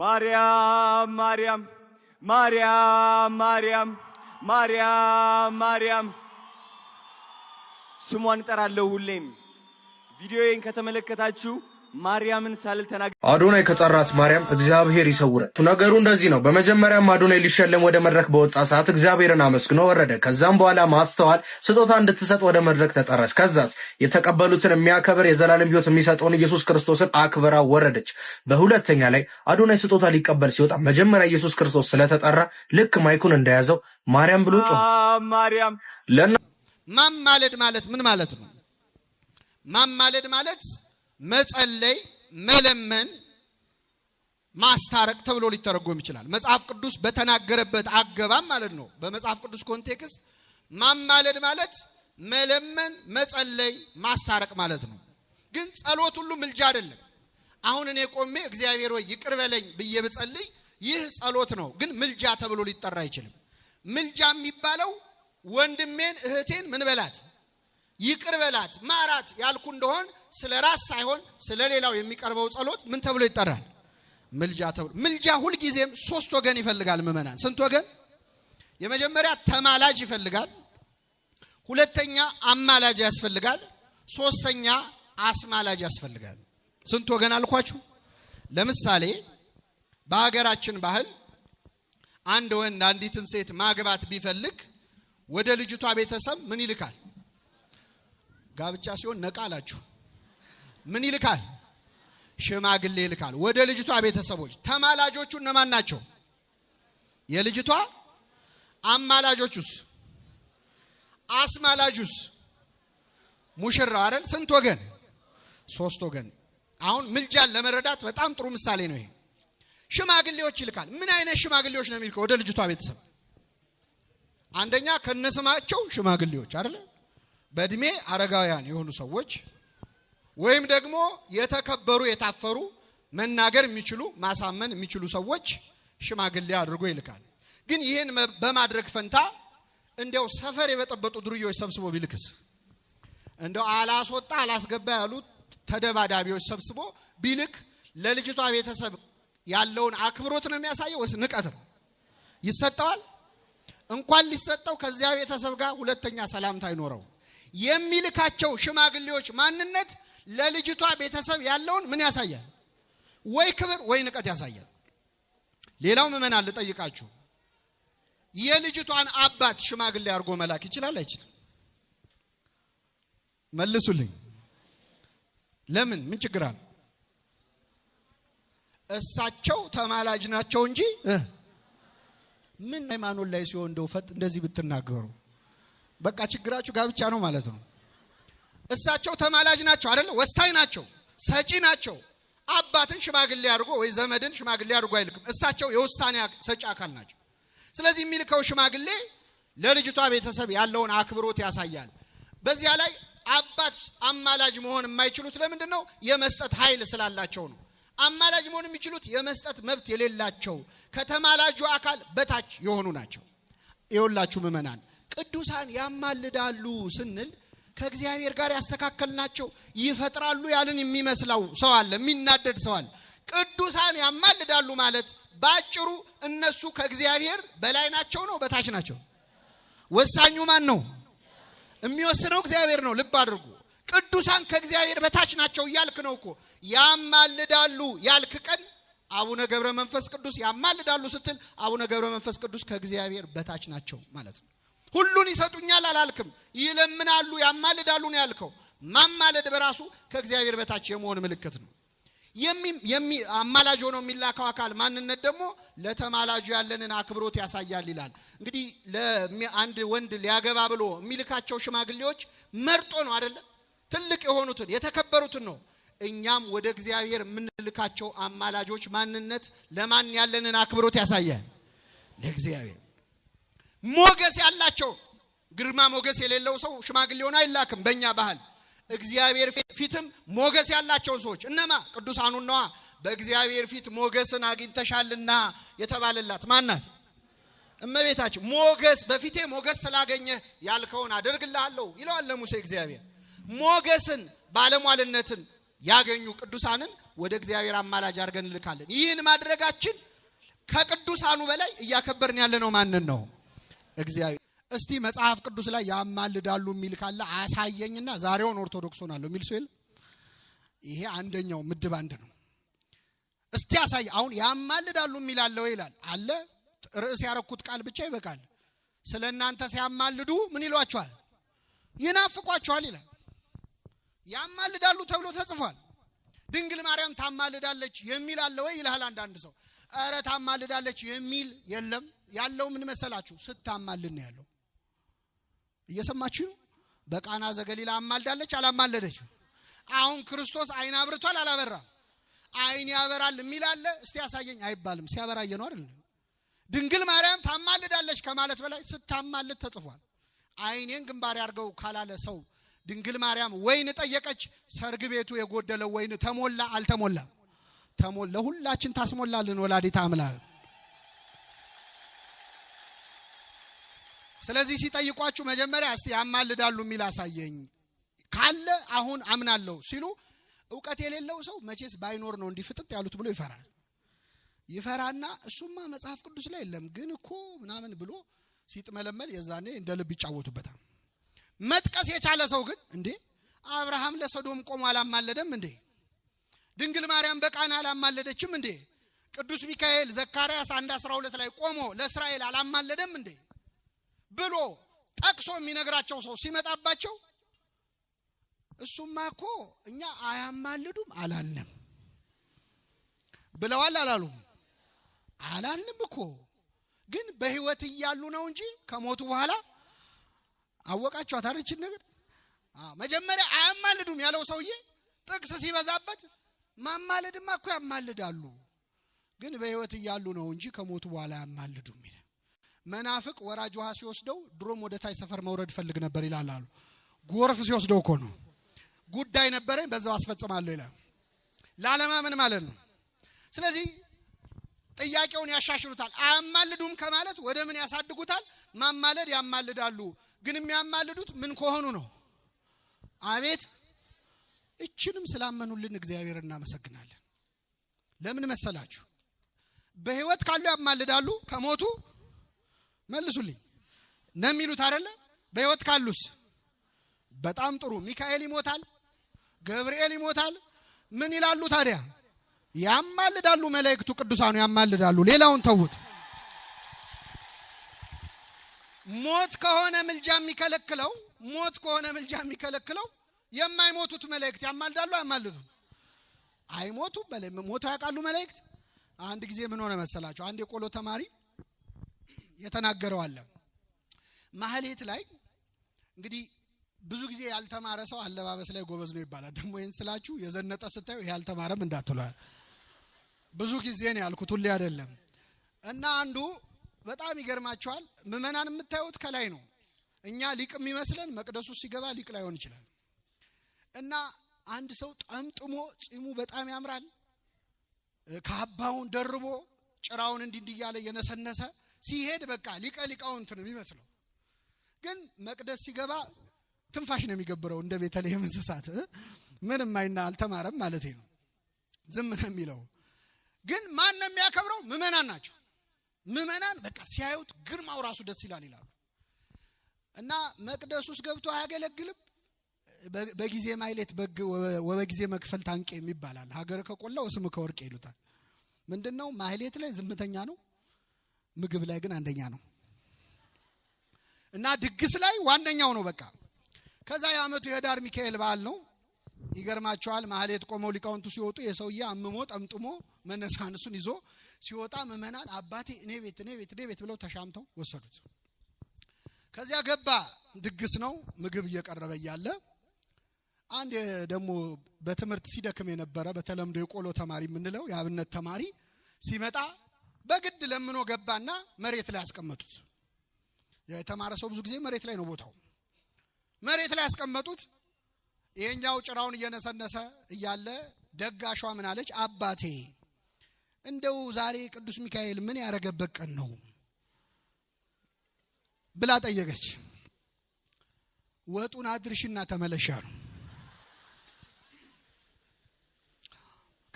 ማርያም ማርያም ማርያም ማርያም ማርያም ማርያም ስሟን እጠራለሁ ሁሌም። ቪዲዮዬን ከተመለከታችሁ ማርያምን ሳልል ተናገ አዶናይ ከጠራት ማርያም እግዚአብሔር ይሰውረን። ነገሩ እንደዚህ ነው። በመጀመሪያም አዶናይ ሊሸለም ወደ መድረክ በወጣ ሰዓት እግዚአብሔርን አመስግኖ ወረደ። ከዛም በኋላ ማስተዋል ስጦታ እንድትሰጥ ወደ መድረክ ተጠራች። ከዛስ የተቀበሉትን የሚያከብር የዘላለም ሕይወት የሚሰጠውን ኢየሱስ ክርስቶስን አክብራ ወረደች። በሁለተኛ ላይ አዶናይ ስጦታ ሊቀበል ሲወጣ መጀመሪያ ኢየሱስ ክርስቶስ ስለተጠራ ልክ ማይኩን እንደያዘው ማርያም ብሎ ጮኸ። ማርያም ለና ማማለድ ማለት ምን ማለት ነው? ማማለድ ማለት መጸለይ፣ መለመን፣ ማስታረቅ ተብሎ ሊተረጎም ይችላል። መጽሐፍ ቅዱስ በተናገረበት አገባም ማለት ነው። በመጽሐፍ ቅዱስ ኮንቴክስት ማማለድ ማለት መለመን፣ መጸለይ፣ ማስታረቅ ማለት ነው። ግን ጸሎት ሁሉ ምልጃ አይደለም። አሁን እኔ ቆሜ እግዚአብሔር ወይ ይቅር በለኝ ብዬ ብጸልይ ይህ ጸሎት ነው፣ ግን ምልጃ ተብሎ ሊጠራ አይችልም። ምልጃ የሚባለው ወንድሜን እህቴን ምን በላት ይቅር በላት ማራት ያልኩ እንደሆን ስለ ራስ ሳይሆን ስለ ሌላው የሚቀርበው ጸሎት ምን ተብሎ ይጠራል? ምልጃ ተብሎ ምልጃ ሁልጊዜም ሶስት ወገን ይፈልጋል። ምእመናን ስንት ወገን? የመጀመሪያ ተማላጅ ይፈልጋል፣ ሁለተኛ አማላጅ ያስፈልጋል፣ ሶስተኛ አስማላጅ ያስፈልጋል። ስንት ወገን አልኳችሁ? ለምሳሌ በሀገራችን ባህል አንድ ወንድ አንዲትን ሴት ማግባት ቢፈልግ ወደ ልጅቷ ቤተሰብ ምን ይልካል? ጋብቻ ሲሆን ነቃ አላችሁ። ምን ይልካል? ሽማግሌ ይልካል። ወደ ልጅቷ ቤተሰቦች ተማላጆቹ እነማን ናቸው? የልጅቷ አማላጆቹስ? አስማላጁስ? ሙሽራው አይደል? ስንት ወገን? ሶስት ወገን። አሁን ምልጃን ለመረዳት በጣም ጥሩ ምሳሌ ነው ይሄ። ሽማግሌዎች ይልካል። ምን አይነት ሽማግሌዎች ነው የሚልከው? ወደ ልጅቷ ቤተሰብ አንደኛ ከነስማቸው ሽማግሌዎች አይደል በእድሜ አረጋውያን የሆኑ ሰዎች ወይም ደግሞ የተከበሩ የታፈሩ መናገር የሚችሉ ማሳመን የሚችሉ ሰዎች ሽማግሌ አድርጎ ይልካል። ግን ይህን በማድረግ ፈንታ እንደው ሰፈር የበጠበጡ ዱርዮች ሰብስቦ ቢልክስ እንደው አላስወጣ አላስገባ ያሉ ተደባዳቢዎች ሰብስቦ ቢልክ ለልጅቷ ቤተሰብ ያለውን አክብሮት ነው የሚያሳየው ወይስ ንቀት ነው? ይሰጠዋል? እንኳን ሊሰጠው ከዚያ ቤተሰብ ጋር ሁለተኛ ሰላምታ አይኖረው። የሚልካቸው ሽማግሌዎች ማንነት ለልጅቷ ቤተሰብ ያለውን ምን ያሳያል? ወይ ክብር ወይ ንቀት ያሳያል። ሌላው ምዕመናን ልጠይቃችሁ፣ የልጅቷን አባት ሽማግሌ አድርጎ መላክ ይችላል አይችልም? መልሱልኝ። ለምን? ምን ችግር አለ? እሳቸው ተማላጅ ናቸው እንጂ ምን ሃይማኖት ላይ ሲሆን እንደው ፈጥ እንደዚህ ብትናገሩ በቃ ችግራችሁ ጋብቻ ነው ማለት ነው። እሳቸው ተማላጅ ናቸው አይደለ? ወሳኝ ናቸው፣ ሰጪ ናቸው። አባትን ሽማግሌ አድርጎ ወይ ዘመድን ሽማግሌ አድርጎ አይልክም። እሳቸው የውሳኔ ሰጪ አካል ናቸው። ስለዚህ የሚልከው ሽማግሌ ለልጅቷ ቤተሰብ ያለውን አክብሮት ያሳያል። በዚያ ላይ አባት አማላጅ መሆን የማይችሉት ለምንድን ነው? የመስጠት ኃይል ስላላቸው ነው። አማላጅ መሆን የሚችሉት የመስጠት መብት የሌላቸው ከተማላጁ አካል በታች የሆኑ ናቸው። ይኸውላችሁ ምእመናን ቅዱሳን ያማልዳሉ ስንል ከእግዚአብሔር ጋር ያስተካከልናቸው ይፈጥራሉ ያልን የሚመስለው ሰው አለ፣ የሚናደድ ሰው አለ። ቅዱሳን ያማልዳሉ ማለት ባጭሩ እነሱ ከእግዚአብሔር በላይ ናቸው ነው በታች ናቸው? ወሳኙ ማን ነው? የሚወስነው እግዚአብሔር ነው። ልብ አድርጉ። ቅዱሳን ከእግዚአብሔር በታች ናቸው እያልክ ነው እኮ። ያማልዳሉ ያልክ ቀን አቡነ ገብረ መንፈስ ቅዱስ ያማልዳሉ ስትል አቡነ ገብረ መንፈስ ቅዱስ ከእግዚአብሔር በታች ናቸው ማለት ነው። ሁሉን ይሰጡኛል አላልክም። ይለምናሉ፣ ያማልዳሉ ነው ያልከው። ማማለድ በራሱ ከእግዚአብሔር በታች የመሆን ምልክት ነው። አማላጅ ሆኖ የሚላከው አካል ማንነት ደግሞ ለተማላጁ ያለንን አክብሮት ያሳያል ይላል። እንግዲህ ለአንድ ወንድ ሊያገባ ብሎ የሚልካቸው ሽማግሌዎች መርጦ ነው አይደለም፣ ትልቅ የሆኑትን የተከበሩትን ነው። እኛም ወደ እግዚአብሔር የምንልካቸው አማላጆች ማንነት ለማን ያለንን አክብሮት ያሳያል? ለእግዚአብሔር ሞገስ ያላቸው። ግርማ ሞገስ የሌለው ሰው ሽማግሌ አይላክም በእኛ ባህል። እግዚአብሔር ፊትም ሞገስ ያላቸውን ሰዎች እነማ ቅዱሳኑ ነዋ። በእግዚአብሔር ፊት ሞገስን አግኝተሻልና የተባለላት ማናት? እመቤታችን። ሞገስ በፊቴ ሞገስ ስላገኘህ ያልከውን አደርግልሃለሁ ይለዋል ለሙሴ እግዚአብሔር። ሞገስን ባለሟልነትን ያገኙ ቅዱሳንን ወደ እግዚአብሔር አማላጅ አድርገን እንልካለን። ይህን ማድረጋችን ከቅዱሳኑ በላይ እያከበርን ያለነው ማንን ነው? እግዚአብሔር እስቲ መጽሐፍ ቅዱስ ላይ ያማልዳሉ የሚል ካለ አሳየኝና ዛሬውን ኦርቶዶክስ ሆናለሁ የሚል ሰው ይሄ አንደኛው ምድብ አንድ ነው። እስቲ ያሳይ። አሁን ያማልዳሉ የሚል አለ ወይ ይላል። አለ። ርዕስ ያረኩት ቃል ብቻ ይበቃል። ስለ እናንተ ሲያማልዱ ምን ይሏቸዋል? ይናፍቋቸዋል ይላል። ያማልዳሉ ተብሎ ተጽፏል። ድንግል ማርያም ታማልዳለች የሚል አለ ወይ ይልሃል አንዳንድ ሰው። እረ ታማልዳለች የሚል የለም። ያለው ምን መሰላችሁ? ስታማልድ ያለው። እየሰማችሁ በቃና ዘገሊላ አማልዳለች፣ አላማለደችው? አሁን ክርስቶስ አይን አብርቷል፣ አላበራም? አይን ያበራል የሚል አለ? እስቲ ያሳየኝ አይባልም። ሲያበራየ ነው አይደል? ድንግል ማርያም ታማልዳለች ከማለት በላይ ስታማልድ ተጽፏል። አይኔን ግንባሬ አድርገው ካላለ ሰው ድንግል ማርያም ወይን ጠየቀች፣ ሰርግ ቤቱ የጎደለው ወይን ተሞላ አልተሞላም? ለሁላችን ታስሞላልን ወላዲት አምላክ። ስለዚህ ሲጠይቋችሁ መጀመሪያ እስቲ ያማልዳሉ የሚል አሳየኝ ካለ አሁን አምናለሁ ሲሉ፣ እውቀት የሌለው ሰው መቼስ ባይኖር ነው እንዲፍጥጥ ያሉት ብሎ ይፈራል። ይፈራና እሱማ መጽሐፍ ቅዱስ ላይ የለም ግን እኮ ምናምን ብሎ ሲጥመለመል የዛኔ እንደ ልብ ይጫወቱበታል። መጥቀስ የቻለ ሰው ግን እንዴ አብርሃም ለሰዶም ቆሞ አላማለደም እንዴ ድንግል ማርያም በቃና አላማለደችም እንዴ? ቅዱስ ሚካኤል ዘካርያስ አንድ አስራ ሁለት ላይ ቆሞ ለእስራኤል አላማለደም እንዴ ብሎ ጠቅሶ የሚነግራቸው ሰው ሲመጣባቸው እሱማ እኮ እኛ አያማልዱም አላልንም ብለዋል። አላሉም? አላልንም እኮ ግን በህይወት እያሉ ነው እንጂ ከሞቱ በኋላ አወቃቸው አታርችን ነገር መጀመሪያ አያማልዱም ያለው ሰውዬ ጥቅስ ሲበዛበት ማማለድማ እኮ ያማልዳሉ፣ ግን በህይወት እያሉ ነው እንጂ ከሞቱ በኋላ ያማልዱም ይላል። መናፍቅ ወራጅ ውሃ ሲወስደው ድሮም ወደ ታች ሰፈር መውረድ ፈልግ ነበር ይላል አሉ። ጎርፍ ሲወስደው እኮ ነው ጉዳይ ነበረኝ በዛው አስፈጽማለሁ ይላል። ላለማመን ማለት ነው። ስለዚህ ጥያቄውን ያሻሽሉታል። አያማልዱም ከማለት ወደ ምን ያሳድጉታል? ማማለድ ያማልዳሉ። ግን የሚያማልዱት ምን ከሆኑ ነው? አቤት እችንም ስላመኑልን እግዚአብሔር እናመሰግናለን። ለምን መሰላችሁ? በህይወት ካሉ ያማልዳሉ፣ ከሞቱ መልሱልኝ ነው የሚሉት አደለ በህይወት ካሉስ በጣም ጥሩ። ሚካኤል ይሞታል፣ ገብርኤል ይሞታል። ምን ይላሉ ታዲያ? ያማልዳሉ። መላእክቱ ቅዱሳኑ ያማልዳሉ። ሌላውን ተውት። ሞት ከሆነ ምልጃ የሚከለክለው ሞት ከሆነ ምልጃ የሚከለክለው የማይሞቱት መላእክት ያማልዳሉ አያማልዱም? አይሞቱም። ሞታ ያውቃሉ መላእክት። አንድ ጊዜ ምን ሆነ መሰላቸው? አንድ የቆሎ ተማሪ የተናገረው አለ። ማህሌት ላይ እንግዲህ ብዙ ጊዜ ያልተማረ ሰው አለባበስ ላይ ጎበዝ ነው ይባላል። ደግሞ ይህን ስላችሁ የዘነጠ ስታዩ ይህ ያልተማረም እንዳትሏል። ብዙ ጊዜ ነው ያልኩት፣ ሁሌ አይደለም። እና አንዱ በጣም ይገርማቸዋል። ምዕመናን የምታዩት ከላይ ነው። እኛ ሊቅ የሚመስለን መቅደሱ ሲገባ ሊቅ ላይሆን ይችላል። እና አንድ ሰው ጠምጥሞ ጺሙ በጣም ያምራል ካባውን ደርቦ ጭራውን እንዲህ እንዲህ እያለ የነሰነሰ ሲሄድ በቃ ሊቀ ሊቃውንት ነው የሚመስለው። ግን መቅደስ ሲገባ ትንፋሽ ነው የሚገብረው እንደ ቤተልሔም እንስሳት ምንም አይና አልተማረም ማለት ነው። ዝም ነው የሚለው። ግን ማን ነው የሚያከብረው? ምመናን ናቸው። ምመናን በቃ ሲያዩት ግርማው ራሱ ደስ ይላል ይላሉ። እና መቅደስ ውስጥ ገብቶ አያገለግልም በጊዜ ማይሌት ወበጊዜ መክፈል ታንቄ የሚባላል ሀገር ከቆላው ስም ከወርቅ ይሉታል። ምንድን ነው ማህሌት ላይ ዝምተኛ ነው፣ ምግብ ላይ ግን አንደኛ ነው እና ድግስ ላይ ዋነኛው ነው። በቃ ከዛ የአመቱ የህዳር ሚካኤል በዓል ነው። ይገርማቸዋል። ማህሌት ቆመው ሊቃውንቱ ሲወጡ የሰውዬ አምሞ ጠምጥሞ መነሳንሱን ይዞ ሲወጣ ምመናን አባቴ እኔ ቤት እኔ ቤት እኔ ቤት ብለው ተሻምተው ወሰዱት። ከዚያ ገባ። ድግስ ነው፣ ምግብ እየቀረበ እያለ አንድ ደግሞ በትምህርት ሲደክም የነበረ በተለምዶ የቆሎ ተማሪ የምንለው የአብነት ተማሪ ሲመጣ በግድ ለምኖ ገባና መሬት ላይ አስቀመጡት። የተማረ ሰው ብዙ ጊዜ መሬት ላይ ነው ቦታው። መሬት ላይ አስቀመጡት። ይሄኛው ጭራውን እየነሰነሰ እያለ ደጋሿ ምን አለች? አባቴ እንደው ዛሬ ቅዱስ ሚካኤል ምን ያደረገበት ቀን ነው ብላ ጠየቀች። ወጡን አድርሽና ነው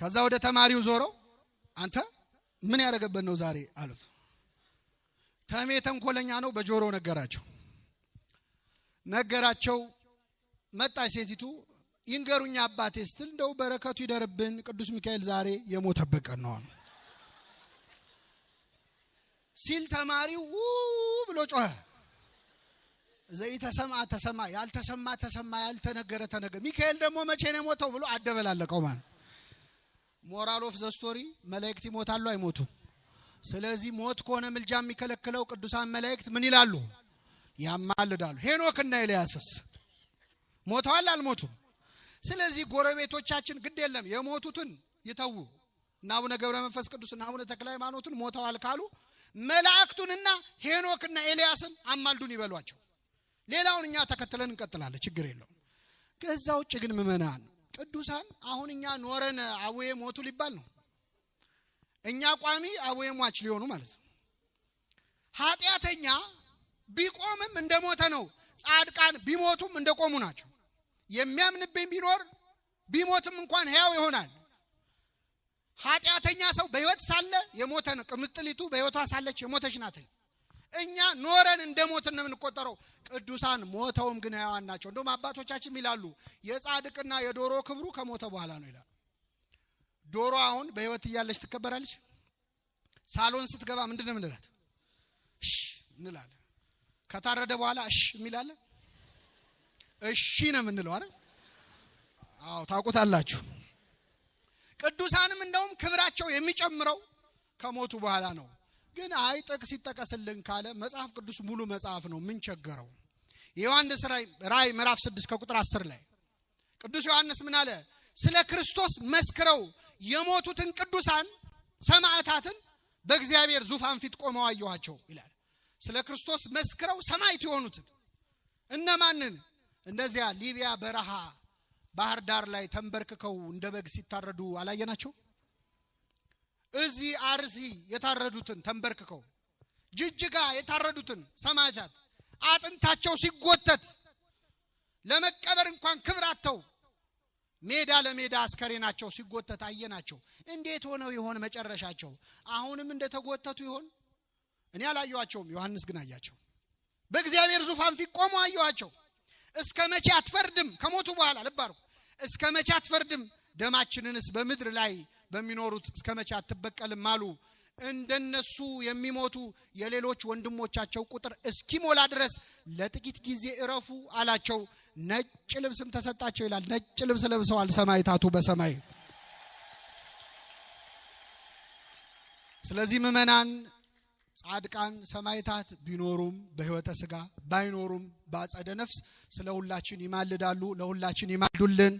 ከዛ ወደ ተማሪው ዞሮ አንተ ምን ያደረገበት ነው ዛሬ አሉት። ተሜ ተንኮለኛ ነው፣ በጆሮ ነገራቸው ነገራቸው። መጣች ሴቲቱ ይንገሩኛ አባቴ ስትል እንደው በረከቱ ይደርብን ቅዱስ ሚካኤል ዛሬ የሞተበት ቀን ነው ሲል ተማሪው ው ብሎ ጮኸ። ዘይ ተሰማ ተሰማ ያልተሰማ ተሰማ ያልተነገረ ተነገ ሚካኤል ደግሞ መቼ ነው የሞተው ብሎ አደበላለቀው ማለት ሞራል ኦፍ ዘ ስቶሪ መላእክት ይሞታሉ አይሞቱ? ስለዚህ ሞት ከሆነ ምልጃ የሚከለክለው ቅዱሳን መላእክት ምን ይላሉ? ያማልዳሉ። እና ኤልያስስ ሞተዋል አልሞቱም? ስለዚህ ጎረቤቶቻችን ግድ የለም የሞቱትን ይተዉ እና አቡነ ገብረ መንፈስ ቅዱስ እና አቡነ ተክለ ሃይማኖትን ሞተዋል ካሉ መላእክቱንና ሄኖክና ኤልያስን አማልዱን ይበሏቸው። ሌላውን እኛ ተከትለን እንቀጥላለን። ችግር የለውም። ከዛ ውጭ ግን ምእመናን ቅዱሳን አሁን እኛ ኖረን አቡዬ ሞቱ ሊባል ነው። እኛ ቋሚ አቡዬ ሟች ሊሆኑ ማለት ነው። ኃጢአተኛ ቢቆምም እንደ ሞተ ነው። ጻድቃን ቢሞቱም እንደ ቆሙ ናቸው። የሚያምንብኝ ቢኖር ቢሞትም እንኳን ሕያው ይሆናል። ኃጢአተኛ ሰው በሕይወት ሳለ የሞተ ነው። ቅምጥሊቱ በሕይወቷ ሳለች የሞተች ናትን እኛ ኖረን እንደ ሞትን ነው የምንቆጠረው። ቅዱሳን ሞተውም ግን ሕያዋን ናቸው። እንደውም አባቶቻችን ይላሉ የጻድቅና የዶሮ ክብሩ ከሞተ በኋላ ነው ይላሉ። ዶሮ አሁን በሕይወት እያለች ትከበራለች። ሳሎን ስትገባ ምንድን ነው የምንላት? እሺ እንላለ። ከታረደ በኋላ እሺ የሚላለን እሺ ነው የምንለው አይደል? አዎ ታውቁታላችሁ። ቅዱሳንም እንደውም ክብራቸው የሚጨምረው ከሞቱ በኋላ ነው። ግን አይ ጥቅስ ይጠቀስልን ካለ መጽሐፍ ቅዱስ ሙሉ መጽሐፍ ነው። ምን ቸገረው? የዮሐንስ ራይ ምዕራፍ 6 ከቁጥር 10 ላይ ቅዱስ ዮሐንስ ምን አለ? ስለ ክርስቶስ መስክረው የሞቱትን ቅዱሳን ሰማዕታትን በእግዚአብሔር ዙፋን ፊት ቆመው አየኋቸው ይላል። ስለ ክርስቶስ መስክረው ሰማይት የሆኑትን እነማንን? እንደዚያ ሊቢያ በረሃ ባህር ዳር ላይ ተንበርክከው እንደ በግ ሲታረዱ አላየናቸው? እዚህ አርሲ የታረዱትን ተንበርክከው ጅጅጋ የታረዱትን ሰማዕታት አጥንታቸው ሲጎተት ለመቀበር እንኳን ክብር አተው ሜዳ ለሜዳ አስከሬናቸው ሲጎተት አየናቸው። እንዴት ሆነው ይሆን መጨረሻቸው? አሁንም እንደተጎተቱ ይሆን? እኔ አላየኋቸውም፣ ዮሐንስ ግን አያቸው። በእግዚአብሔር ዙፋን ፊት ቆሞ አየኋቸው። እስከ መቼ አትፈርድም? ከሞቱ በኋላ ልባርኩ እስከ መቼ አትፈርድም ደማችንንስ በምድር ላይ በሚኖሩት እስከ መቼ አትበቀልም አሉ። እንደነሱ የሚሞቱ የሌሎች ወንድሞቻቸው ቁጥር እስኪሞላ ድረስ ለጥቂት ጊዜ እረፉ አላቸው። ነጭ ልብስም ተሰጣቸው ይላል። ነጭ ልብስ ለብሰዋል ሰማይታቱ በሰማይ። ስለዚህ ምእመናን፣ ጻድቃን፣ ሰማይታት ቢኖሩም በህይወተ ስጋ ባይኖሩም በአጸደ ነፍስ ስለ ሁላችን ይማልዳሉ። ለሁላችን ይማልዱልን።